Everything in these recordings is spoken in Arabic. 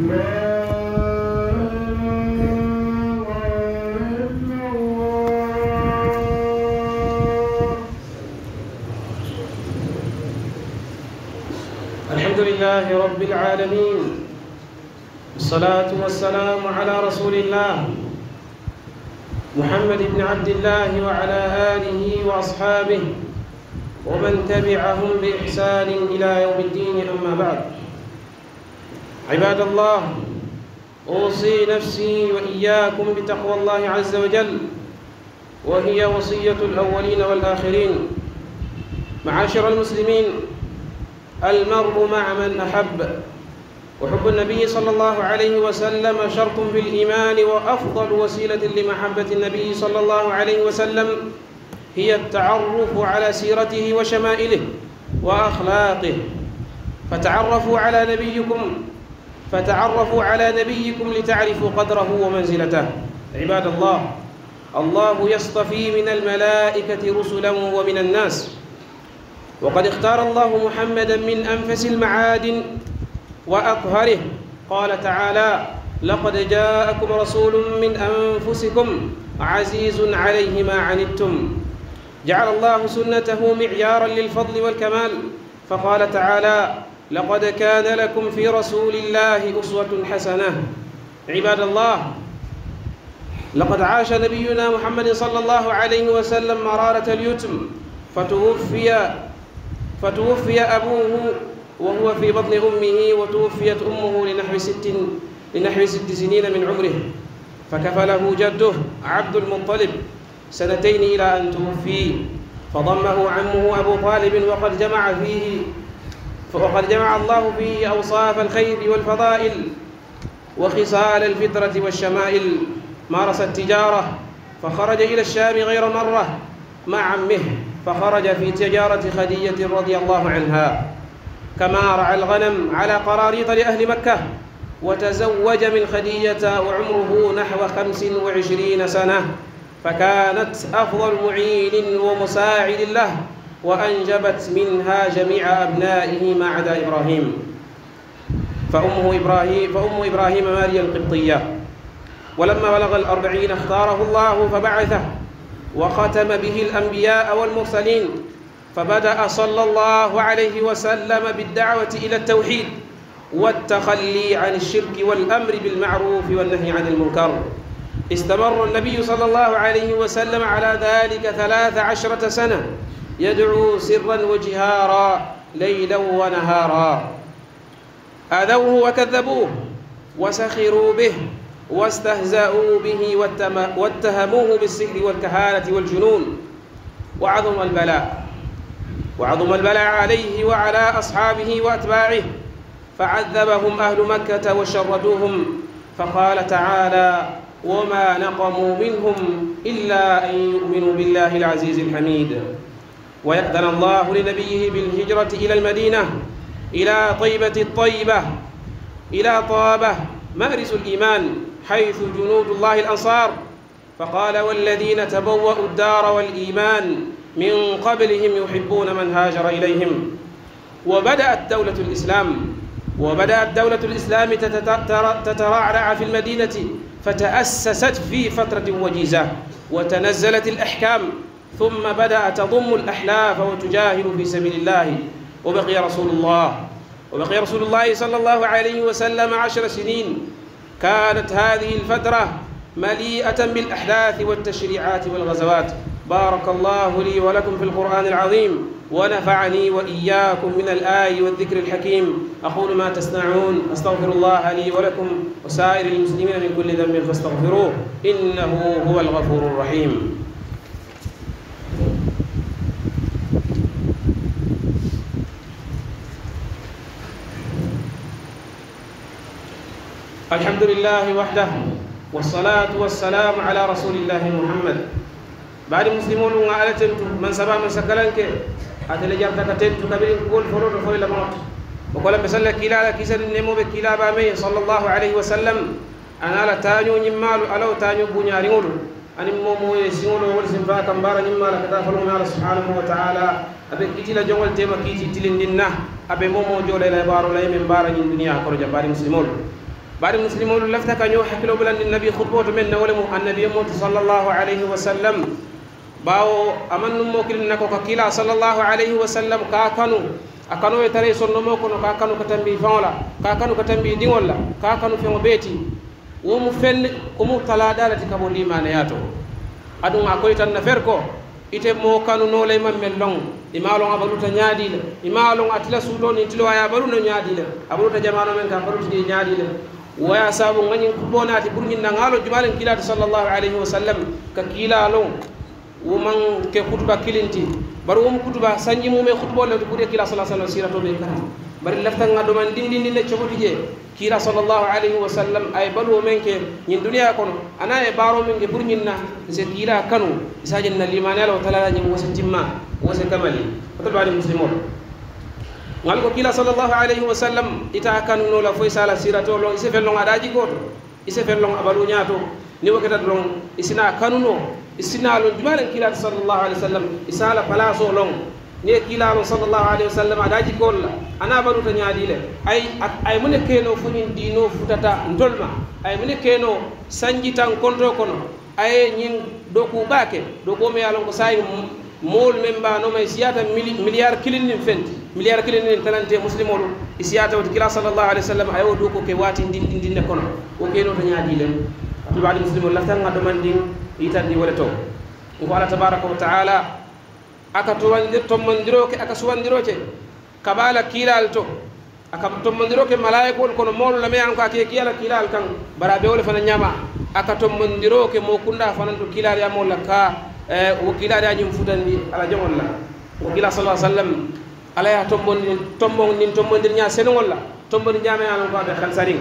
الحمد لله رب العالمين والصلاة والسلام على رسول الله محمد بن عبد الله وعلى آله وأصحابه ومن تبعهم بإحسان إلى يوم الدين أما بعد عباد الله أوصي نفسي وإياكم بتقوى الله عز وجل وهي وصية الأولين والآخرين معاشر المسلمين المرء مع من أحب وحب النبي صلى الله عليه وسلم شرط في الإيمان وأفضل وسيلة لمحبة النبي صلى الله عليه وسلم هي التعرف على سيرته وشمائله وأخلاقه فتعرفوا على نبيكم فتعرفوا على نبيكم لتعرفوا قدره ومنزلته عباد الله الله يصطفي من الملائكة رسلا ومن الناس وقد اختار الله محمدا من أنفس المعادن وأطهره قال تعالى لقد جاءكم رسول من أنفسكم عزيز عليه ما عنتم جعل الله سنته معيارا للفضل والكمال فقال تعالى لقد كان لكم في رسول الله أسوة حسنة عباد الله لقد عاش نبينا محمد صلى الله عليه وسلم مرارة اليتم فتوفي فتوفي أبوه وهو في بطن أمه وتوفيت أمه لنحو ست لنحو ست سنين من عمره فكفله جده عبد المطلب سنتين إلى أن توفي فضمه عمه أبو طالب وقد جمع فيه فقد جمع الله فيه أوصاف الخير والفضائل وخصال الفطرة والشمائل مارس التجارة فخرج إلى الشام غير مرة مع عمه فخرج في تجارة خدية رضي الله عنها كما رعى الغنم على قراريط لأهل مكة وتزوج من خدية وعمره نحو خمس وعشرين سنة فكانت أفضل معين ومساعد له وأنجبت منها جميع أبنائه ما عدا إبراهيم فأمه إبراهيم فأم إبراهيم ماريا القبطية ولما بلغ الأربعين اختاره الله فبعثه وختم به الأنبياء والمرسلين فبدأ صلى الله عليه وسلم بالدعوة إلى التوحيد والتخلي عن الشرك والأمر بالمعروف والنهي عن المنكر استمر النبي صلى الله عليه وسلم على ذلك ثلاث عشرة سنة يدعو سرا وجهارا ليلا ونهارا اذوه وكذبوه وسخروا به واستهزأوا به واتهموه بالسحر والكهانة والجنون وعظم البلاء وعظم البلاء عليه وعلى أصحابه وأتباعه فعذبهم أهل مكة وشردوهم فقال تعالى وما نقموا منهم إلا أن يؤمنوا بالله العزيز الحميد ويأذن الله لنبيه بالهجرة إلى المدينة إلى طيبة الطيبة إلى طابة مأرس الإيمان حيث جنود الله الأنصار فقال والذين تبوأوا الدار والإيمان من قبلهم يحبون من هاجر إليهم وبدأت دولة الإسلام وبدأت دولة الإسلام تترعرع في المدينة فتأسست في فترة وجيزة وتنزلت الأحكام ثم بدأ تضم الأحلاف وتجاهد في سبيل الله وبقي رسول الله وبقي رسول الله صلى الله عليه وسلم عشر سنين كانت هذه الفترة مليئة بالأحداث والتشريعات والغزوات بارك الله لي ولكم في القرآن العظيم ونفعني وإياكم من الآي والذكر الحكيم أقول ما تسمعون أستغفر الله لي ولكم وسائر المسلمين من كل ذنب فاستغفروه إنه هو الغفور الرحيم الحمد لله وحده والصلاة والسلام على رسول الله محمد بعد مسلمون على من سبا من سكلنك أتلي جرتك تنتو كبير كل فرور فويل موت وقال بسلا كلا كيسر النمو بكلا بامي صلى الله عليه وسلم أنا لا تانيو نمال ألا تانيو بنياريول أنا مومو يسيول ورسم فاكم بارا نمال كتافلون على سبحانه وتعالى أبي كتلا جوال تيما kiti tilindin na abe momo جولي لا يبارو لا يمين بارا nyin dunia koro jabari muslimol bari muslimolu lafta ka ñoo hakkilo bulandi nabi khutboto men nawole mu annabi moto sallallahu alayhi wa sallam bawo aman num mokilin nako ka kila sallallahu alayhi wa sallam ka kanu a kano e tare sonnomo kono ka kanu ka tambi faŋo la ka kanu ka tambi diŋol la ka kanu feŋo beeti wo mu fenni omu talada le ti ka bo limaneya to aduŋ a koyitan na fer ko ite moo kanu noole maŋ meŋ loŋ ima loŋ a baluta ñaadi le ima loŋ atila suutoo niŋ tilo a ye a balu no ñaadi le ka a baluta je ñaadi waya sabu ngañin kubonati ɓur ñin nangalo jumalen kilata sallllahu alayhi wa sallam ka kiilalo woman ke kutuba kilinti bari womo kutuba sanji mume kutubole to ɓuuri kila sa sallam siratoɓe kara bari laftanga ɗoman dindindinde cohoti je kila sallllahu alayhi wa sallam ay baluwo men ke ñin duniya kono ana e baro men ke ɓur ñinna se kiila kanu isajen na limane ala o talala ñin wose timma wose kamali otoɓe ani muslim oto ngam ko kila sallallahu alayhi wa sallam ita kanuno la foy sala sirato long ise fel long adaji goto ise fel long abalu nyato ni wakata long isina kanuno isina lon jumalen kila sallallahu alayhi wa sallam isala palaso long ne kilano sallllahu alayhi wa sallam aɗa aji golla ana baɗuta ñaaɗile ay ay mune keno foñin ɗino futata dolma ay mune keno sanjitan konto kono aye ñin ɗo kuɓake ɗo kome yalon ko sayi mool men mbanoma e siyata milliard kilin ɗin fenti miliyar kilin ni talante muslimolu isiyata wati kila sallallahu alaihi wasallam ayo do ko ke wati ndin ndin ne kono o ke no to nyaadi len to baadi muslimol lafta ngado man ndin itandi wala to ko ala tabaraka wa taala aka to wandir to mandiro ke aka suwandiro ce kabala kilal to aka tommondiro ke malaikol kono moolu lame an ko ake kiyala kilal kan bara be wole fana ñama aka tommondiro ke mo kunda fanan to kilal ya molla ka wo kilal ya ñum futandi ala jomol la wo kila sallah sallam ala ya tombondin tombon nin tombondir ña senugol la tomboni ñameyanon ko be aɓe sari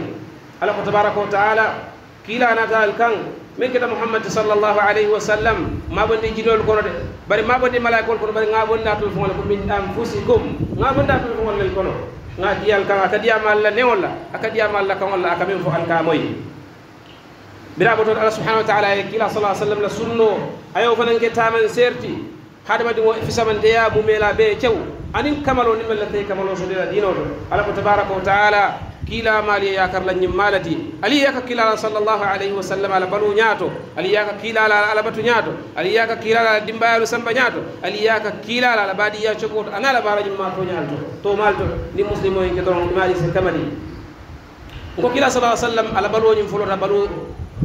ala ko ta'ala kila taala kiilanatal kan min kita muhammad sallallahu alayhi wa sallam maɓonde jidol ko de bari ma maɓonde malaikol ko bari nga gaɓonda tol fogol ko min anfusikum gaɓonda tol fogol lel kono ga diyal kan aka diyama allah newol la aka diyama allah kangol la aka min fo alkamoye biraɓo toon allah subahanahu wa taala e kiila sa sallam la sunno ayo fanan ke tamen serti hadama haɗamadi o fisamanteya mumela ɓe cew anin kamalo ni mel tay kamalo so dira dino do ala ko tabaaraku taala kila mali ya kar la nyim malati ali ya ka kila sallallahu alaihi wa sallam ala balu nyato ali ya ka kila ala ala batu nyato ali ya ka kila ala dimbayalu samba nyato ali ya ka kila ala badi ya chokot ana la barajum ma to nyato to malto ni muslimo en kedon mali se kamali ko kila sallallahu alaihi wa sallam ala balu nyim fulota balu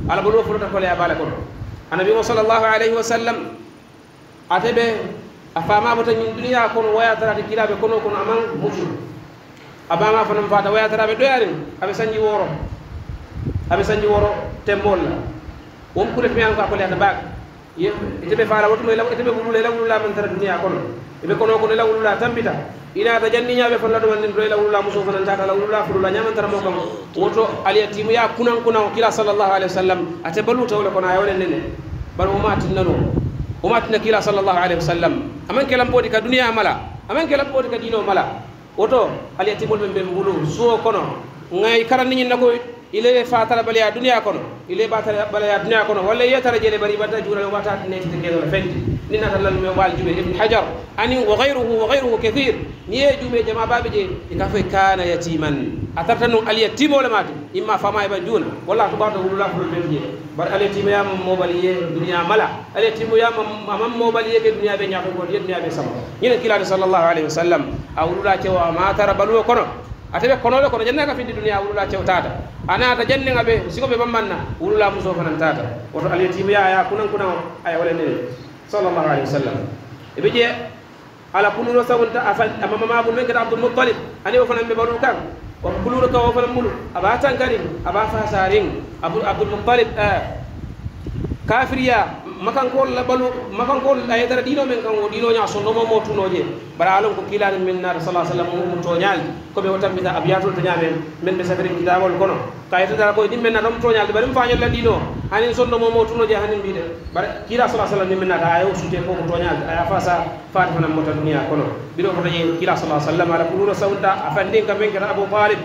ala balu fulota ko le abale ko anabi sallallahu alaihi wa sallam atebe a famamata ñin duniya kono wayatarade kilaɓe kono kono aman musul abama fanan fata wayataraɓe ɗoyarin aɓe sañji woro aɓe sañji woro tembol la won kulet miyan ko a koleyata baak eteɓe fala wotumo eteɓe wulula lawulula man tara duniya kono eɓe kono kono lawulula tambita inata janniñaɓe fan laɗuman nden ɗoye lawulula muso fanan tata lawulula fulula ñamantara mo kam woto aliyatimu ya kunan kunan o kila sallllahu alayhi wa sallam ate balutawle kono a yawlen nene bal woma tinnano umatina kila sallallahu alaihi wasallam aman kelam podi ka dunia mala aman kelam podi ka dino mala woto aliyatimol ɓe ɓen ngulu suwo kono ngay karanniñin na koy ile fatara baleya dunia kono ile batara baleya dunia kono walla yetara jeele bari batta juurale wata netite keɗono fenti نينا تلا الموال جمي ابن حجر أني وغيره وغيره كثير نيا جمي جماعة بابي يكافئ كان يتيما أترتنو اليتيم ولا ما إما فما يبان جون ولا تبارك الله في الدنيا بار اليتيم يا مم موبالية الدنيا ملا اليتيم يا مم مم موبالية الدنيا بين يعقوب ودي الدنيا بين سما نينا كلا رسول الله عليه وسلم أقول لا تجوا ما ترى بلوه كنا أتبي كنا لو كنا جنة في الدنيا أقول لا تجوا تاتا أنا أتجنن أبي سكوب بمننا أقول لا مزوفنا تاتا وراء اليتيم يا يا كنا كنا أيه ولا نيل صلى الله عليه وسلم ابيجي على كل نوسا وانت افن اما ما ابو نكر عبد المطلب اني وفن ام بارو كان وكل نوسا وفن مول ابا تان كريم ابا فاسارين ابو عبد المطلب كافريا makankol labalu makankol ayetara ɗino men kan o ɗinoña sonnomo mo tunoje bara alon ko kilani min naata sa sallam mum toñalde koɓe o tambita abiyatol toñamen min ɓe safirin kitabol kono kayetotara koye ɗin men naata om toñalde bara mi fañolla ɗino hanin sonnomo mo tunoje hanin mbiɗe bara kila sa sallam ni min naata aya o sute ko ko toñalde aya fa sa fati fanan mota duniya kono ɓiɗo fotaƴe kila sa sallam ala kuluro sawnta a fandin kam men keta abou talib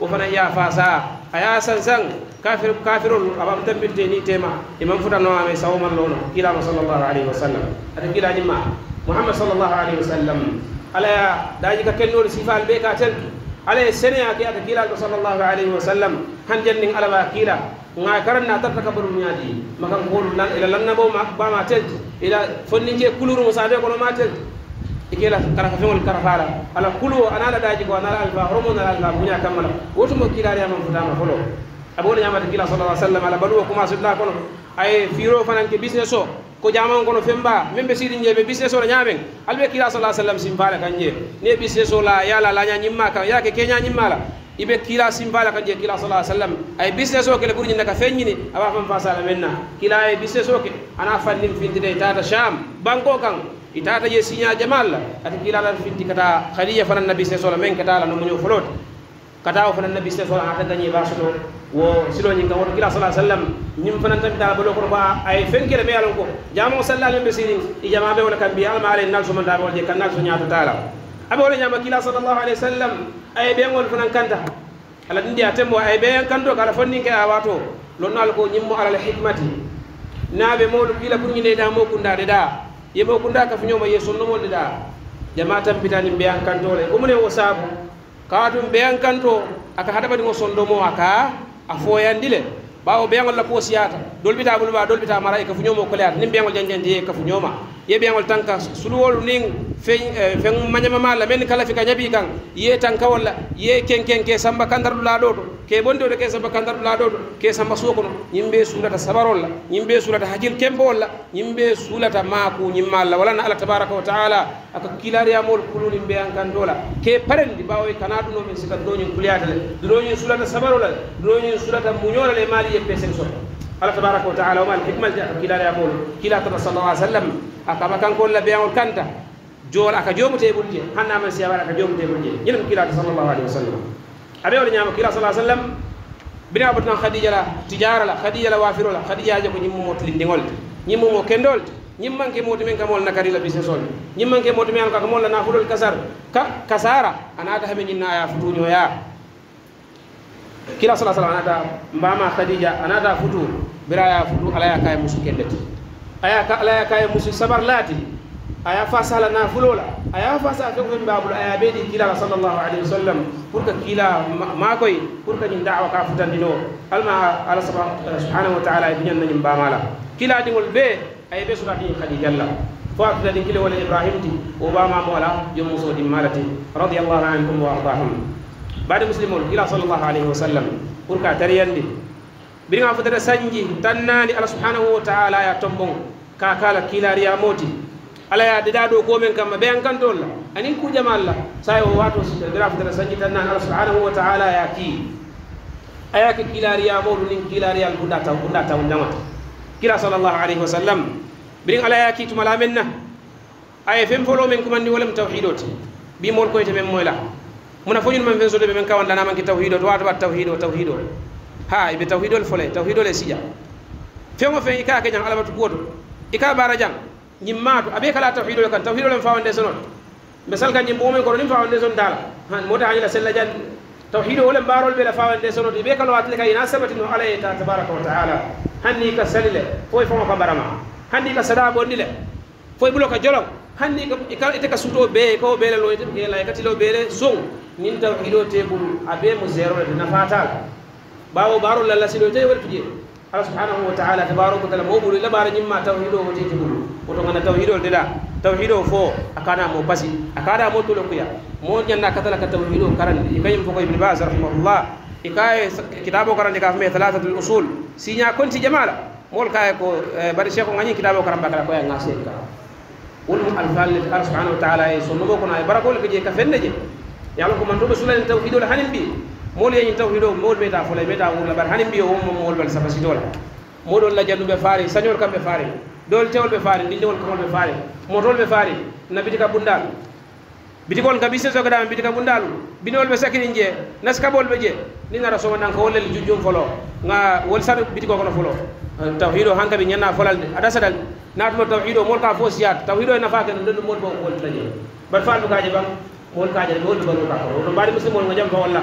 o fana ya fa sa aya sansan kafir kafirol aba tambinte ni tema imam futa no ame sawo man lono kila ma sallallahu alaihi wasallam ata kila ni ma muhammad sallallahu alaihi wasallam ala ya daji ka kenno sifal be ka tel ala ya sene ya ke ata kila ko sallallahu alaihi wasallam han jannin ala ba kila nga karan na tarta kabul nyadi makan qulu lan ila lan nabo ma ba ma tel ila fonni je kuluru musade ko ma tel ikela kara ka fengol kara fara ala kulu anala daji ko anala alfa hormona alfa bunya kamala wotumo kila ya man futa ma folo aɓoole ñamata gila sallah sallam ala baɗuwo commencé ɗa kono aye fiiro fananke business o ko jaman kono femba min ɓe siɗi jeeɓe business o no ñaamen alɓe kila sa sallam simfaala kan jee ni business o la yala laña ñimma kan yala ke keña ñimmala ibe kila simfaala kan jee kila sallah sallam aye business o kele ɓuri ñinnaka feññini awa fan fa sala men na kila ye business o ke ana fannin fintide tata cham banko kan itata je siña jamal la ati kila lan finti kata khaliya fanan na business o la men katala no muño folot kata o fanan na business o la ata gañe basoto wo silo ñin kan woto kila sala sallam ñim fanan tan dala ba ko ba ay fenkere be yalon ko jamo sallallahu alaihi wasallam i jama be wala kan bi al alai nal suma dabe wala kan nal so nyaata taala abe wala nyama kila sallallahu alaihi wasallam ay be ngol fanan kanta ala dindi atembo ay be kanto kala fannin ke awato lon nal ko ñim mo alal hikmati nabe modu kila pour ñine da mo kunda de da yebo kunda ka fu ñoma yeso no mo de da jama tan pitani be an kanto le ko mune wo sabu kawatum be kanto aka mo ngo sondomo aka a foyandi le ɓawo ɓeŋol la poosiyata dolbita ɓulma dolbita malaika fu ñomo koleyata ni ɓeŋol janjandi ka kafu ñoma Eh, ye ɓeŋol tan ka suluwolu niŋ feŋ mañamama la meŋ ni kala fi ka ñabii kan ye tanka wala ye ken ke samba kandar la to ke bondo ke samba kandar la to ke samba suko no nyimbe sulata suulata sabarol la nyimbe sulata hajil kembo la nyimbe sulata suulata maaku la wala na ala tabaraka wa taala aka kilariyamol kuluniŋ be yankanto la ke parendi bawo kana ɗuno min sika dunoñiŋ kuliyata le dunoñiŋ sulata sabarol la do dunoñiŋ sulata munyola le maali ye pesen soto الله تبارك وتعالى وما الحكمة كلا يقول كلا تبا صلى الله عليه وسلم أكما كان كل لبيان كانت جول أكجوم جوم تيبول جي هنا من سيابان أكجوم جوم تيبول جي ينم كلا صلى الله عليه وسلم أبي ولي نعم كلا صلى الله عليه وسلم بني أبو تنا خديجة لا تجارة لا خديجة لا وافر لا خديجة جاكو نمو موت لين لندنغول نيم مو كندول ñim كمول نكاري لا بيسن سول نيم business كموت ñim manke moti نافور الكسر ك كسارة أنا kasar ka kasara anata hame ñinna كلا صلى الله عليه وسلم أنا أتا anata خديجة أنا أتا futu bira ya futu ala ya kay musu kendeti aya ka ala ya kay musu sabar lati aya fa sala na fulola aya fa sa ka ko babul aya be di kila sallallahu alaihi wasallam pour ka kila ma koy pour ka ni da'wa ka futan dino alma ala subhanahu wa ta'ala ibn nan ba mala kila dingol be ay be surati khadijalla فاطمة كل ولا إبراهيم تي وباما مولا يوم صود مالتي رضي الله عنكم وأرضاهم بعد مسلمون إلى صلى الله عليه وسلم بركة تريان دي biriŋa fotata sanji tan naani alla subhanahu wa taala ye tomboŋ ka kala kilariyamoo ti alla ye dada do ko men kamma beyan kantol la ku jamal la o waato sita bira fotata sanji tan naani alla subhanahu wa taala ye kii a ye ke kilariyamoolu niŋ kilariyal bunda taw bunda taw ndaŋata kila salallahu alayhi wa sallam biriŋ alla ye kii tumala men na a ye feŋ foloo meŋ kumandi wo lem tawhido ti bii moolu koyite meŋ muna fo ñunu maŋ feŋ soto be meŋ kawandanaamaŋ ke tawhido to waatobat tawhido tawhido ha ibe tawhidol fole tawhidol e sija feŋo feŋ i ka ke jaŋ alabatu goto i ka bara jaŋ ñiŋ maatu a kala tawhidol kan tawhidol le fawande sono misal ka ñiŋ bogomen kono niŋ son daa la mota hajila sella jaŋ tawhido wo le baarol be la fawande be kala watle kay ka ina ta tabaraka wa taala hanni ka salile le fo ka barama hanni ka sada bondi le fo bulo ka jolo hanni ite ka suto be ko bee lo ite la ka tiloo bee le zoŋ nin tawhidoo tee bulu a mu zero le te nafaata bawo baro lalla sido te wal kije Allah subhanahu wa ta'ala tabaraka taala mo bulu labara nyimma tawhido o tete bulu oto ngana tawhido deda tawhido fo akana mo basi akada mo tulo kuya mo nyanna katala ka tawhido karan ikayim fo ko ibn baz rahimahullah ikaye kitabo karan ka fme thalathatul usul sinya konti jamala mol kaye ko bari sheikh ngani kitabo karan bakala ko ya ngase ka ulum alfal Allah subhanahu wa ta'ala e sonno ko na barakol kije ka fenne je yalla ko man to sulal tawhido hanimbi moolu yeñin tawhido moolu ɓeyta fola ɓeyta wurla bar hanin mbiyo womma moolu bal saba sitoola moɗol la janduɓe faari sañol kamɓe faari dool tewol ɓe faari ndindiwol kamol ɓe faari motol ɓe faari na bitika bundalu bitikol ka bisse sogadama bitika bundalu binol ɓe sakinin jee naskabol ɓe jee ni nara somanan ko wollel jujjum folo ga wol saɗo bitiko kono folo tawhido han kaɓe ñanna folal de aɗa saɗal natuma tawhido mol ka fo siyat tawhido e nafa kene ɗonɗu mol bo woltaje bat fandu kaje ɓan mol kaje ɗe ɓe wolɓe banuka kono no mbaɗi musidmol ngo jam fa walla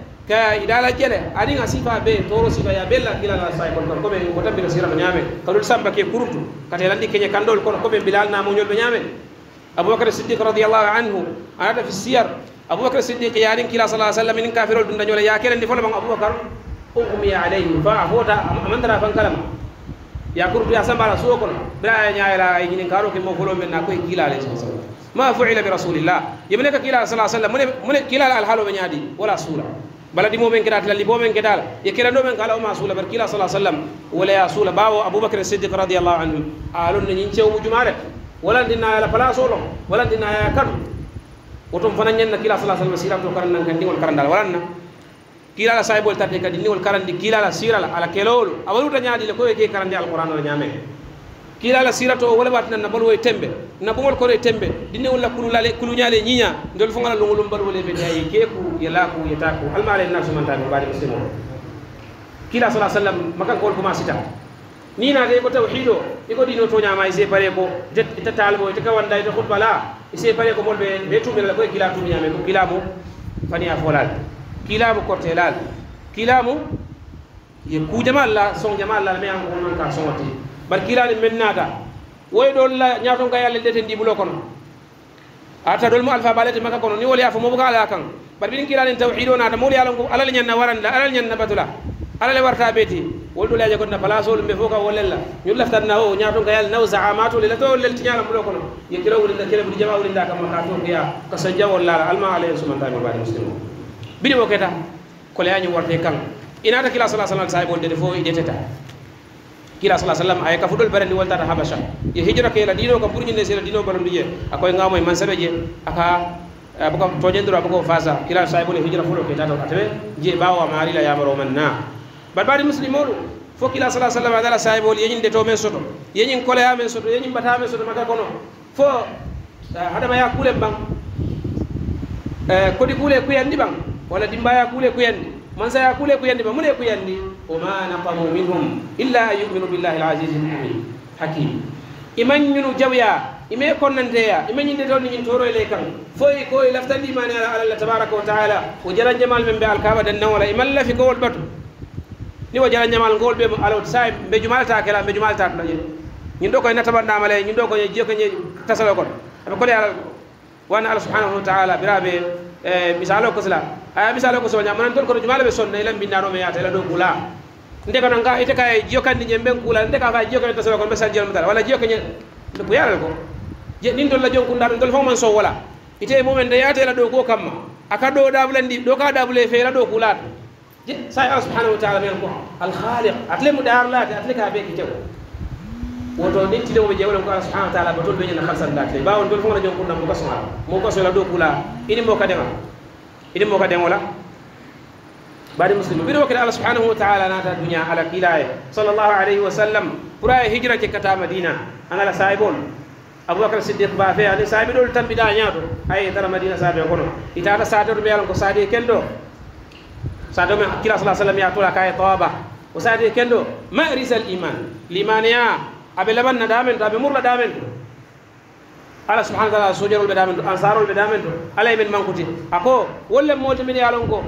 ka idala jele ani nga sifa be toro sifa ya bella kila la sai kon ko be ko tabbira sira no nyame kadul samba ke kurtu kate landi kenya kandol kono ko be bilal na mo nyol be nyame abubakar siddiq radiyallahu anhu anata fi siyar abubakar siddiq yarin kila sallallahu alaihi wasallam in kafirol dun danyole ya kelen di folo bang abubakar ugmi alayhi fa afota amandara fan kalam ya kurtu ya samba la suwo kono bra nyaaya la ay ngin karo ke mo folo men na ko kila le ma fu'ila bi rasulillah yimne ka kila sallallahu alaihi wasallam mun kila al halu be nyadi wala sura بلدي مومن كرات للي بومن كدال يكرا نومن قال ما سولا بركيلا صلى الله عليه وسلم ولا يا سولا باو ابو بكر الصديق رضي الله عنه قالوا نين تشو جمارة ولا دينا يا فلا سولو ولا دينا يا كن وتم فنان ين كلا صلى الله عليه وسلم سيرام تو كرن كان دي والكرن دال ولا كلا لا سايبول تاتي كدي والكرن دي كلا لا سيرا على كيلول أبو تنيا دي لكو كي كرن دي القران ولا نعمه kilala sirato wala watna na balwo e tembe na bumol ko tembe dinne wala kululale kulunyale nyinya ndol fongala longolum balwo le be dayi keku yala ku yataku almale na sumanta be bari muslimo kila sala sallam makan ko ko masita ni na de ko tawhido iko dino to e se pare ko ta talbo e ka wanda ite khutba la se pare ko molbe be tumi la ko kila tumi nyaame ko kila mo fani afolal kila mo telal kila mo ye ku jamaalla la son me an ko non ka sonti bar kilani men naata woy ɗol la ñaton yalla yalle ɗeten bulo kono ata ɗol mo alfa balete maka kono ni wol yaafo mo buka ala kan bar ɓiɗin kilanin tawhido o mo yalla yalanko alal ñanna waranla alal nyanna batula alal warta beti wol do la ɗo laje gonna place olum ɓe fof ka wollella ñol laftanna o nyaato ka yalla naw zaamatu li la to lel ti nyaala bulo kono ye kira wulinda kira ɓuɗi jama ka mo ha to ngiya ka sa sajja la alma alayhi subhanahu wa ta'ala o ɓiɗi o keta ko leyañum warte kan inata kila sa sallam sahibol de fof ideteta kila sala sallam ay ka fudol bare ni woltata habasha ye hijra ke la dino ko buri ni sele dino ko ndiye akoy ngamo e sabe je aka eh, abako tojendro abako fasa kila saibole hijra fulo ke tata tawe eh. je bawo amari la yamaro manna bari muslimolu fo kila sala sallam adala saibul yeñin de to men soto yeñin koleya amen soto yeñin bata men soto maka kono fo ma eh, ya kule bang eh, kodi kule kuyandi bang wala ya kule kuyandi mansa ya kule kuyandi ba mune kuyandi وما نقموا منهم إلا أن يؤمنوا بالله العزيز الحميد حكيم إمن ينو جويا إما يكون ننديا إما يندون ينتورو إليك فوي كوي لفتن دي ماني على الله تبارك وتعالى وجرى جمال من بالكابة النولة إما الله في قول بطو ni wo jala ñamal ngol ɓe alawt sa mbe jumalta kela mbe jumalta to ñin ñin ɗo koye natabannamala ñin ɗo koye jiyo koye tasalo kon aɓe kole ala wana ala subhanahu wa taala ɓiraɓe misalo kosla aya misalo kosla ñamanantol kono jumala ɓe sonna ila mbinnaɗo me yaata ila ɗo gula nde kana nga ka ite kay jokandi ñen ben kula nde ka fa jokandi to ko be sanjal mutala wala jokandi nde ko yalla ko je nin dol la jonku ndam dol fo so wala ite momen de yate la do ko kamma aka do di do ka dabule fe la do kula je sai allah subhanahu wa ta'ala ko al khaliq atle mu dar la atle ka be ki tew woto nin tile mo jewle ko allah subhanahu wa ta'ala batol be ñen khalsan la atle bawon dol fo la jonku ndam ko so mo ko so la do kula ini mo ka dema ini mo ka wala bari muslimu biro kala allah subhanahu wa ta'ala nata dunya ala kilaye sallallahu alayhi wa sallam pura e hijra ke kata madina ana la sahibol abubakar siddiq ba fe ani sahibol tambida nyaato ay dara madina sahabe kono itata sador be ko sadi kendo sado me kila sallallahu sallam ya tola kay tawaba o sadi kendo ma risal iman limaniya abe laban na damen to abe murla damen to ala subhanahu wa ta'ala sojarol be damen to ansarol be damen to ala men mankuti ako wolle moti min yalon ko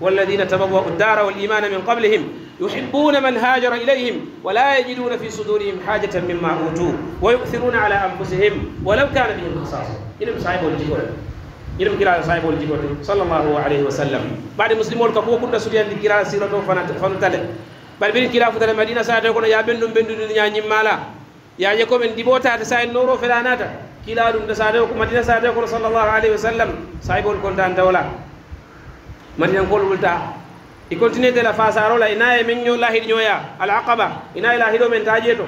والذين تبوأوا الدار والإيمان من قبلهم يحبون من هاجر إليهم ولا يجدون في صدورهم حاجة مما أوتوا ويؤثرون على أنفسهم ولو كان بهم خصاصة إنهم صاحب الجبر إلى كلا صاحب الجبر صلى الله عليه وسلم بعد مسلمون كفوا كنا سوريا لكلا سيرة فنتلت bari ɓeɗi kila futata madina sata kono ya ɓen ɗum ɓendude ñañimmala yañe komin ɗiɓotata sa en noro felanata kila ɗum da sata ko madina sata kono sallllahu alayhi wa sallam sahibol kontan dawla madinankol wulta i continue de la fasarola ina e min ño lahid ñoya al aqaba ina e lahido men taje to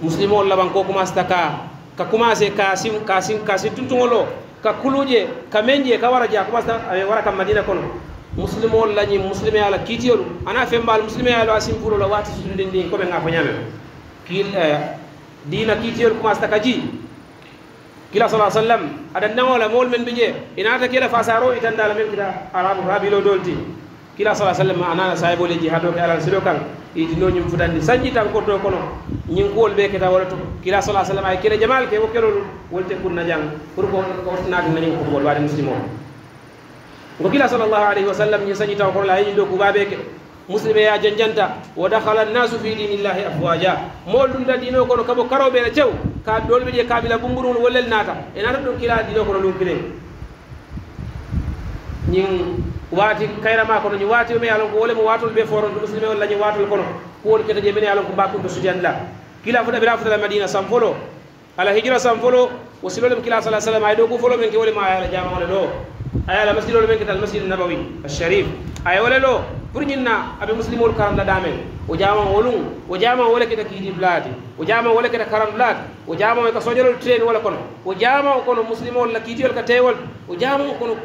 muslim ol laban ko commence ta ka ka commence kasim kasim kasim tuntugol o ka kuluje ka menje ka wara ja commence ta wara kam madina kono muslimol lañi muslime ala kiitiyolu ana fembaal muslime ala a simfulola waati sutudin ndin comme nga fo ñaame kiil eh, diina kiitiyol commence taka ji kila sa sallam aɗa nawola mowol men ɓe ƴee inata kela fasaro itandala men kita arabu rabilo dolti kila sa sallam anana sahiboleji ha ɗo ke alal siɗo kan itino ñum futandi sañƴi tan korto kono ñin kuwol ɓe keta wala to kila sa sallam ay kele jamal ke wo kelol wolte kunna jang pour ko ortinaɗum nañin kotugol waade muslime ngo kila sallallahu alayhi wa sallam ñi sañi taw korla hayni do kubaɓe ke musidɓe ya janjanta wo dakhala nnasu fi dinillahi afwaja mool ɗum ɗaɗino kono kabo karoɓe ne tew ka ɗolɓe je kabila bumburun wollel naata e nata ɗum kila ɗino kono lumpine ñin waati kayrama kono ñi waati me yalon ko wole mo watol ɓe foron to musidɓe walla ñi watol kono kuwol keta je mene yalon ko mbakunto sudiyandila kila fo ɗaɓira futala madina sam folo ala hijira sam folo wo silolem kila sa sallam ay ɗo ku folo men ke wole ma ala jamawone ɗo aya la masjidol men ketal masjid nabawi asharif aya wala lo pour ñinna aɓe muslimol karanda damen o jama wolum o jama wala keta kiidi blaati o jama wala keta karam laati o jama ka soñolol train wala kono o jama o kono muslimol la kiitiyol ka tewol o jama o kono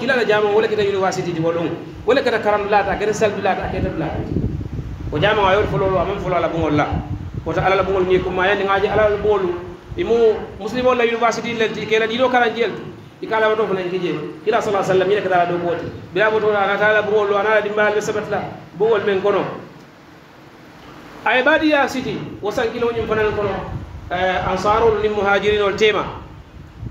kila la jama wala keta university di wolum wala keta karam laati a keta salbi laati a keta blaati o jama ayol fololo amam folo ala bugol la wota alala bugol ñi kumma yandi ngaji alala bugolu imu muslimol la university lelti kela ɗiɗo karan jeltu ikala wato fulan kije kila sallallahu alaihi wasallam yake dala do boti biya wato ana tala bo lo ana dimba al sabatla bo wal men kono ay badiya siti wasan kilo nyum fanan kono ansarul lil muhajirin wal tema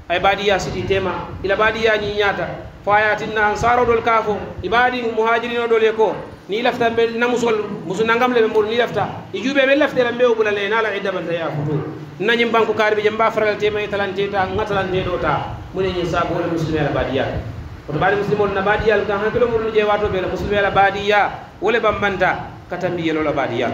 ay badiya siti tema ila badiya nyi nyata fo na ansaro dol ka ibadi muhajirin dol yeko ni lafta be na musol musu nangam le mbol ni lafta i jube be lafta lambe o bulale na la idda ban ya futu nanyim banku karbi mba faral te may talante ta ngatalan de dota mune ni sa bol ko muslimela badiya to bari muslimol na badiya kan hakilo mul je wato be muslimi muslimela badiya wole bambanta katambi yelo la badiya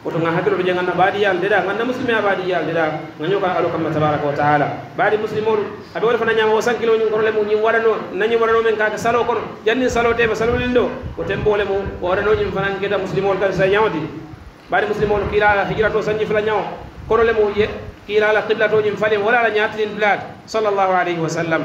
woto nga hakkilo to je ganna baadi yalde ɗa ganna muslimi a baadi yalde ɗa gaño ka alo kamma tabaraka wa taala baadi muslimoɗum aɓe wala fana ñama o sankilo ñum korole mum ñim waɗano nañum waɗano men kaka salo kono jannin salo tema salolin ɗo o tembole mum o waɗano ñum fanan keda muslimol kadi sa ñawdi baadi muslimol kiilala hijira to sañi fula ñawo korole mum ye kiilala qibla to ñum falim wala ala ñatilin bilad sallllahu alayhi wa sallam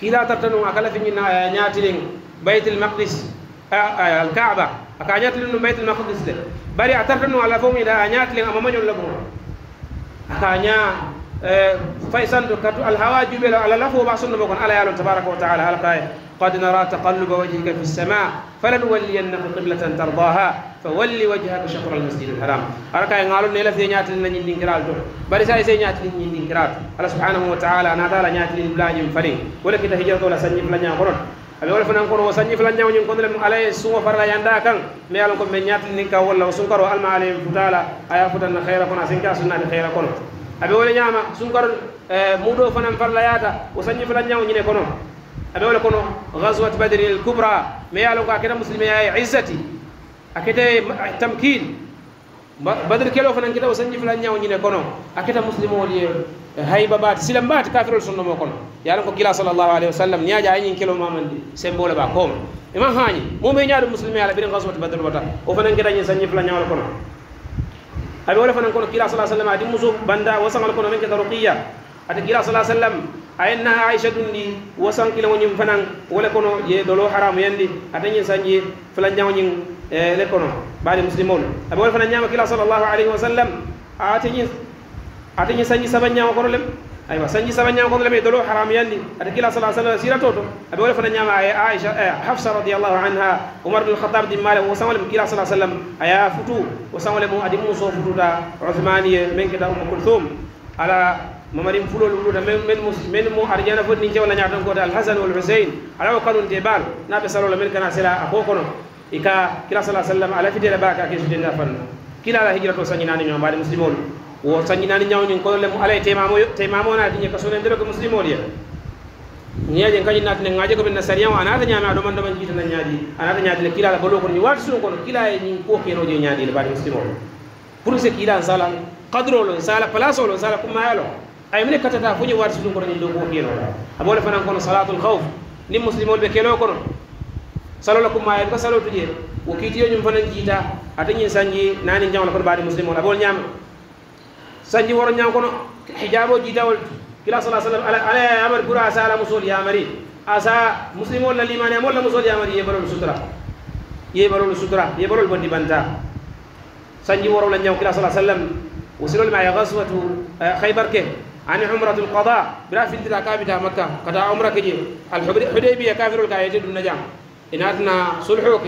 kiila tarta ɗum a kala fiñinna aya ñatilin baytul maqdis alkaaba aka añatlen nu baytul maqdis le bari a tartan no ala fo mi da a ñatlen ama mañol lago aka ña eh, fay santo katu alhawa juɓelo ala lafo ɓa sonnomo kon ala yalon tabaraka wa taala ala kaye قد نرى تقلب وجهك في السماء فلنولينك قبلة ترضاها فولي وجهك شطر المسجد الحرام أركا ينالون إلى في نيات لنا نين كرال دور بريسا يسي نيات لنا نين كرال الله سبحانه وتعالى أنا تعالى نيات لنا بلا نين فرين ولكن تهجر دولة سنين بلا نين aɓe wala fanan kono wo sanñi fula ñawñin kondole mum alaye suŋo farala yanda kan mais alan ko ɓe ñatalinin kan walla o sunkaro alma alaye futala aya futanna hayra kono a sinka sunnani hayra kono aɓe wala ñama sunkaro muɗo fanan farla yata wo sanñi fula ñawñine kono aɓe wala kono gaswat badri l coubra mais alan ko a keta muslimeya izzati a tamkin badre kelo fanan kita o sanñi fula ñawñine kono a keta muslimol ye hayba baati silam baati kafirol sonnomo kono yalan ko gila sallllahu alayhi wa sallam ñaaja añin kilo mamandi sembole ba kooma ima haañi mume ñaadu muslimi ala ɓiɗen gaswati badal bata o fanan gedañin sañi fula ñawal kono aɓe wole fanan kono kila sa sallam adi muso banda wasangal kono men keta ruqiya ata kila sa sallam ayen naha aicha ɗum ɗi wasan kilogoñin fanan wole kono ye dolo haramu yandi atañin sañi fula ñawñin le kono baali muslimol aɓe wole fanan ñama kila sallllahu alayhi wa sallam atañin ate ñi sanji saba ñama kono lem aywa sanji saba ñama kono lem e dolo haram yandi ate kila sala sallam sira toto aɓe wole fana ñama aye aicha hafsa radiallahu anha omar bine alkhatab dimmale wo sangolem kila sala sallam aya futu wo sangolem o adi mum so fututa outhmanie men keta umma kulthum ala mamarin fulol wuluta men men mo arjana foti nin cewla ñatan kota alhasan walhusain ala wo kanunte baal naɓe salola men kana sela a ko kono ika kila sala sallam ala fitela ba ka ke sudenda fanno kila ala hijra to sañinani ño mbaɗe muslimol won sañinani ñawñin kono le mo alay temamoyo temamonati ñe ka sonendiro ko muslimol ye ñeeje kañi natine ŋaaje ko ɓenna sariyan o a naata ñaame a ɗoman ɗoman jiitana ñaadi a naata ñaadile kiila la baloo kono ñi waati sunu kono kiila e ñin ko kenoje ñaadile baade muslimo o pour se kiila n sala kadro lon sala place o lon sala kummaya lon ay mine katata fo ñi waati sunu kono ñin ɗo ko kenola amo le fanan ko no salatul hawf ni muslimo be kelo kono salo la kummaya ɓe ka salo tuje wo kiitiyo ñum fanan jita ata ñin sanji ñaw jawla ko baade muslimo o abol ñaama سنجي ورن نكون حجابو جيتاول كلا صلى الله عليه وسلم على امر قرا على مسول يا مري اسا مسلمون لليمان يا مولا مسول يا مري يبرل سترا يبرل سترا يبرل بني بنتا سنجي ورن نكون كلا صلى الله عليه وسلم وصلوا لما يغزوة آه، خيبر كه عن عمرة القضاء برا في الدراكة بتاع مكة قضاء عمرك كي الحديبية كافر الكائجة دون جام إناتنا سلحوك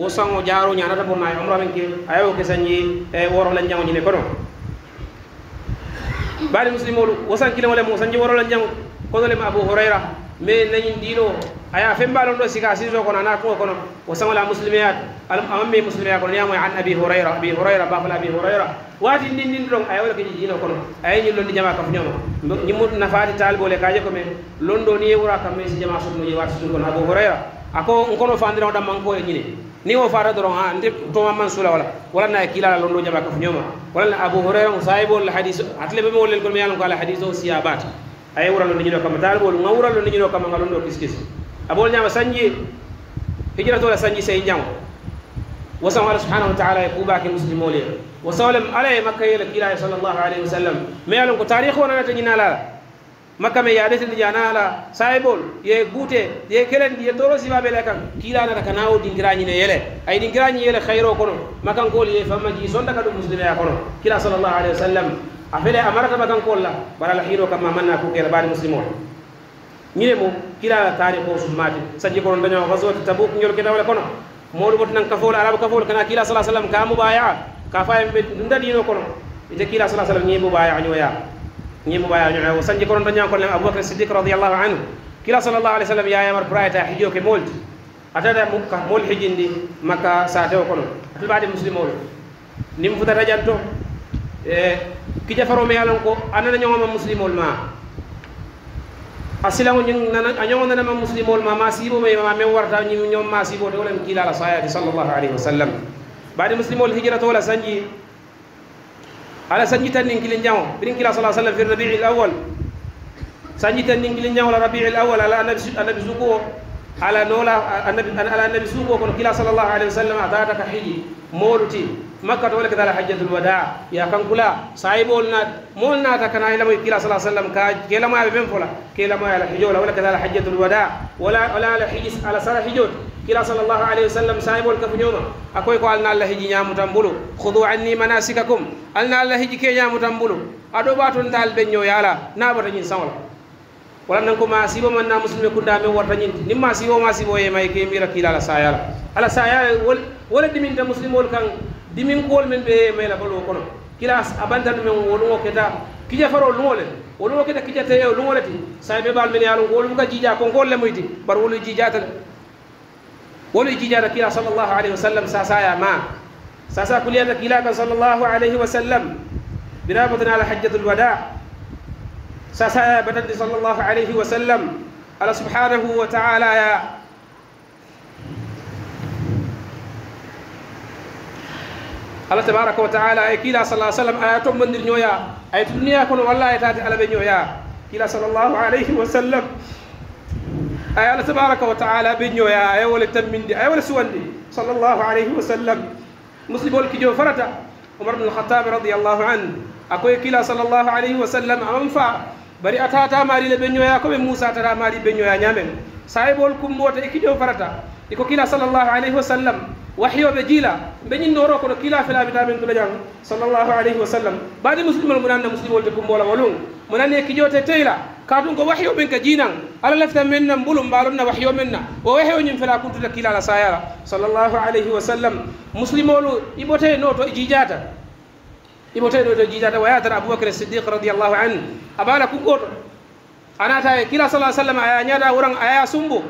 وصنو جارو نانا تبونا عمرة من كي أيوك سنجي آه، ورولن جامو جيني كنو baali musilimolu wosan kilemole mo sanji worola jang konole ma abu hurayra me nañin ɗino aya fembalon do sika siso kono ana ko kono wo saŋola muslimiyat aman me muslimiyat kono yamoy an abi hurayra abi hurayra bafala abi hurayra waati nin nin ɗon ay wala keji dino kono ay ni londi jama kaf ñoma ñimmudu nafaati le kaje ko men londo ni wura kam me si jama sotno yi wati sun kono abu hurayra ako o kono fandirawo ɗammankoye ni ni wo fata doron ha nte toma man sula wala wala na kila la londo jama kafu nyoma wala na abu hurairah sahibu al hadith atle be mo lel ko mi yalan ko al hadith o siyabat ay wura londo jino kam tal bol ngawra londo jino kam ngalondo kiskis abol nyama sanji hijratu la sanji sey njamo وسوى الله سبحانه وتعالى يقوباك المسلمون وسوى لم عليه مكة يلك إلهي صلى الله عليه وسلم ما يعلم تاريخ وانا نتجينا لا makame ya dete jana la saibol ye gute ye kelen ye toro siba bele kan kila na kana o dingira ni ne yele ay dingira ni yele khairo kono makan ko ye famma ji sonda kadu muslimi ya kono kila sallallahu alaihi wasallam afele amarata makan ko la bara la hiro kama manna ko kela bani muslimo ñine mo kila tare ko sumati saji kono daño ghazwat tabuk ñol ke dawla kono modu bot nan kafol arab kafol kana kila sallallahu alaihi wasallam ka mubaya ka fayem be dundadino kono ite kila sallallahu alaihi wasallam ñe mubaya ñoya ñimo mbayañoe sanji ko noon dañan ko nem aboubacar sidique radiallahu anhu kila sallllahu alih w sallam yayamar pour ayata hijo ke moldi atata ka mol hijindi makka satewo kono atulɓaade musidima ol nim futata janto e kija farome yalon ko anana ñogoma muslimol ma a silaŋo ñiŋ nana a ñoŋo nanama muslimol ma ma siibo me ma meŋ warata ñiŋ ñoom ma siibo te wo lem kiilala sayati sallallahu alayhi wa sallam baade muslimol hijiratola sanji على سنجتن نكيل نجاو برين كلا صلى الله في الربيع الأول سنجتن نكيل نجاو الربيع الأول على أنا بس أنا بزوجو على نولا أنا ب... أنا على أنا بزوجو كن كلا صلى الله عليه وسلم أعطانا تحيي مورتي ما كتب لك ذلك حجة الوداع يا كان كلا سايب ولنا مولنا تكنا إلى ما كلا صلى الله عليه وسلم كا كلا ما يبين فلا كلا ما يلا حجول ولا كذا حجة الوداع ولا ولا على حجس على سر حجول كلا صلى الله عليه وسلم سايم والكف نيوما أكوي قال نال الله جي نعم تنبولو خذوا عني مناسككم قال نال الله جي كي نعم تنبولو أدو باتون تال بنيو يالا نابا تنين سامل ولم ننكو ما سيبو من نام مسلمي كن دامي وار تنين نم ما سيبو ما سيبو يما يكي ميرا كلا على سايالا على سايالا ولا دمين تمسلم والكان دمين قول من بيه ميلا بلو كنا كلا أبندن من ولو كتا كي جفر ولو مولن ولو كتا كي جتا يولو مولتي سايبال من يالو ولو كجيجا كون كون لمويتي برولو جيجا تنين ولي جي جارك إلى صلى الله عليه وسلم ساسا يا ما ساسا كل يدك إلى صلى الله عليه وسلم برابطنا على حجة الوداع ساسا يا بدن صلى الله عليه وسلم على سبحانه وتعالى يا الله تبارك وتعالى أكيد صلى الله عليه وسلم آياتهم من الدنيا آيات الدنيا كل والله آياتها على الدنيا كلا صلى الله عليه وسلم أي الله تبارك وتعالى بنيو يا أي ولا تمن دي أي ولا سوان دي صلى الله عليه وسلم مسلم بول كيجو فرتا عمر بن الخطاب رضي الله عنه أكو يكيلا صلى الله عليه وسلم أنفع بري أتا أتا ماري لبنيو يا كم موسى ترى ماري بنيو يا نعمل سايب بول كم بوت كيجو فرتا يكو كيلا صلى الله عليه وسلم وحي وبجيلا بني نورو كن كيلا فلا بتا من كل جان صلى الله عليه وسلم بعد مسلم المنان مسلم بول كم بولا ولون منان يكيجو تتيلا كادون كو وحيو بنك جينان على لفت منا بولم بارونا وحيو منا ووحيو نيم فلا كنت لكيلا على سايرا صلى الله عليه وسلم مسلمولو يبوتي نوتو جيجاتا يبوتي نوتو جيجاتا وياتر ابو بكر الصديق رضي الله عنه ابانا كوكور انا تاي كيلا صلى الله عليه وسلم ايا نيادا ورن ايا سومبو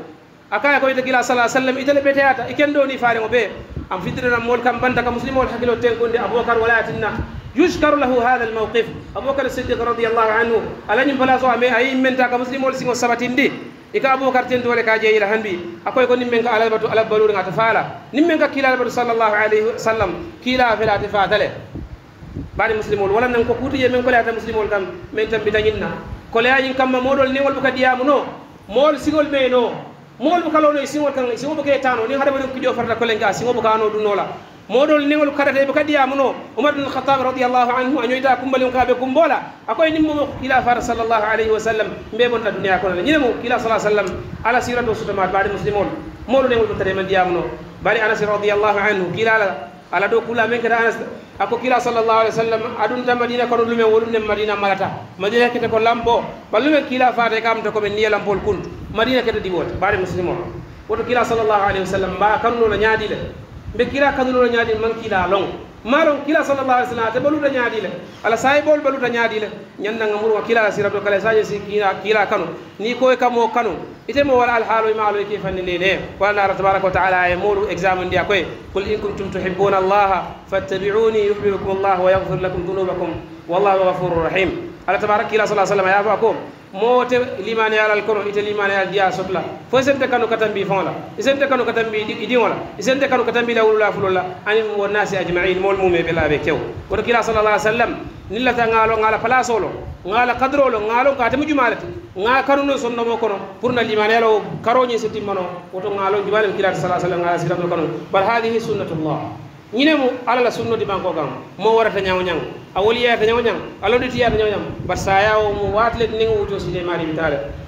akaya ko yitagila sallallahu alaihi wasallam itele betata ikendo ni faare mo be am fitrina mol kam banda ka muslimo hakilo tengonde abubakar wala atinna يشكر له هذا الموقف أبو بكر الصديق رضي الله عنه ألا سو أمي أي من تاك مسلم ولسين وسباتين دي إكا أبو بكر تين دولي كاجي إلى هنبي أكو يكون نمنك على البتو على بلور أتفالا نمنك كيلا البتو صلى الله عليه وسلم كيلا في الأتفاء ذلك بعد مسلمون ولا نمكو كوتي من كلا مسلمون كم من تنبتنينا كلا ين كم ني ول بك ديام نو مول سيغول بينو مول ني سيغول كان سيغول بك تانو ني يسيقول بكيتانو نيهاربو نمكو جوفر لكولنكا سيقول بكانو دونولا modol moɗol karate be kadi yamuno umar bin khattab radiyallahu anhu a ñoyta kumbalin kaɓe kumbola nim mo ila far sallallahu alayhi wa sallam mbe bonna duniya konone ñinemo kila sa sallam ala sirat wa sutama baɗe muslimon modol nengol ɗum tare man diyamuno bari anas radiyallahu anhu kila ala ala do kula men kada anas ako kila sallallahu alayhi wa sallam adun da madina kono lumen ne madina malata madina kete ko lampo ba lumen kam to ko men niya lampol kuntu madina kete di diwota baɗe muslimon woto kila sallallahu alayhi wa sallam ba na kannono le بكيرا كدلو رنيادي من كيلا لون ما رون كيلا صلى الله عليه وسلم تبلو رنيادي له على ساي بول بلو رنيادي له نين نعمر ما كيلا سيرا بلو كلا ساي سي كيلا كيلا كانو نيكو كمو كانو إذا مو ورال حالو ما علو كيف نلينه ولا نار تبارك وتعالى مور إجزامن دي أكوي كل إنكم تم تحبون الله فاتبعوني يحبكم الله ويغفر لكم ذنوبكم والله غفور رحيم على تبارك كيلا صلى الله عليه وسلم يا أبوكم moote limane alal kono ite limane al diya sotla fo sente kanu katambi fonla sente kanu katambi idiola sente kanu katambi la wulula fulula ani mo nasi ajma'in mol mume bela be kew woto kila sallallahu alaihi wasallam nilla ta ngalo ngala place lo ngala kadro lo ngalo ka tamu jumalati nga karuno sonno mo kono pour na limane lo karoñi senti mano woto ngalo jumale kila sallallahu alaihi wasallam ngala siratul kanu bal hadhihi sunnatullah ñine mo ala la sunnati banko gam mo warata ñaaw ñaaw أولياء woliyata ñaw ñang a londitiyata ñaw ñang bat saya o mo watle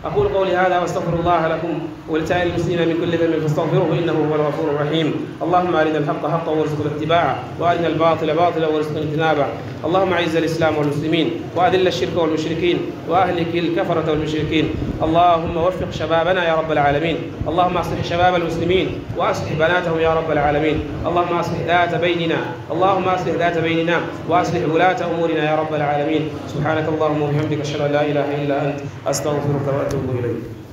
أقول قولي هذا واستغفر الله لكم ولسائر المسلمين من كل ذنب فاستغفروه إنه هو الغفور الرحيم اللهم أرنا الحق حقا وارزقنا اتباعه وأرنا الباطل باطلا وارزقنا اجتنابه اللهم أعز الإسلام والمسلمين وأذل الشرك والمشركين وأهلك الكفرة والمشركين اللهم وفق شبابنا يا رب العالمين اللهم أصلح شباب المسلمين وأصلح بناتهم يا رب العالمين اللهم أصلح ذات بيننا اللهم أصلح ذات بيننا وأصلح ولاة ولاة أمورنا يا رب العالمين سبحانك اللهم وبحمدك أشهد أن لا إله إلا أنت أستغفرك وأتوب إليك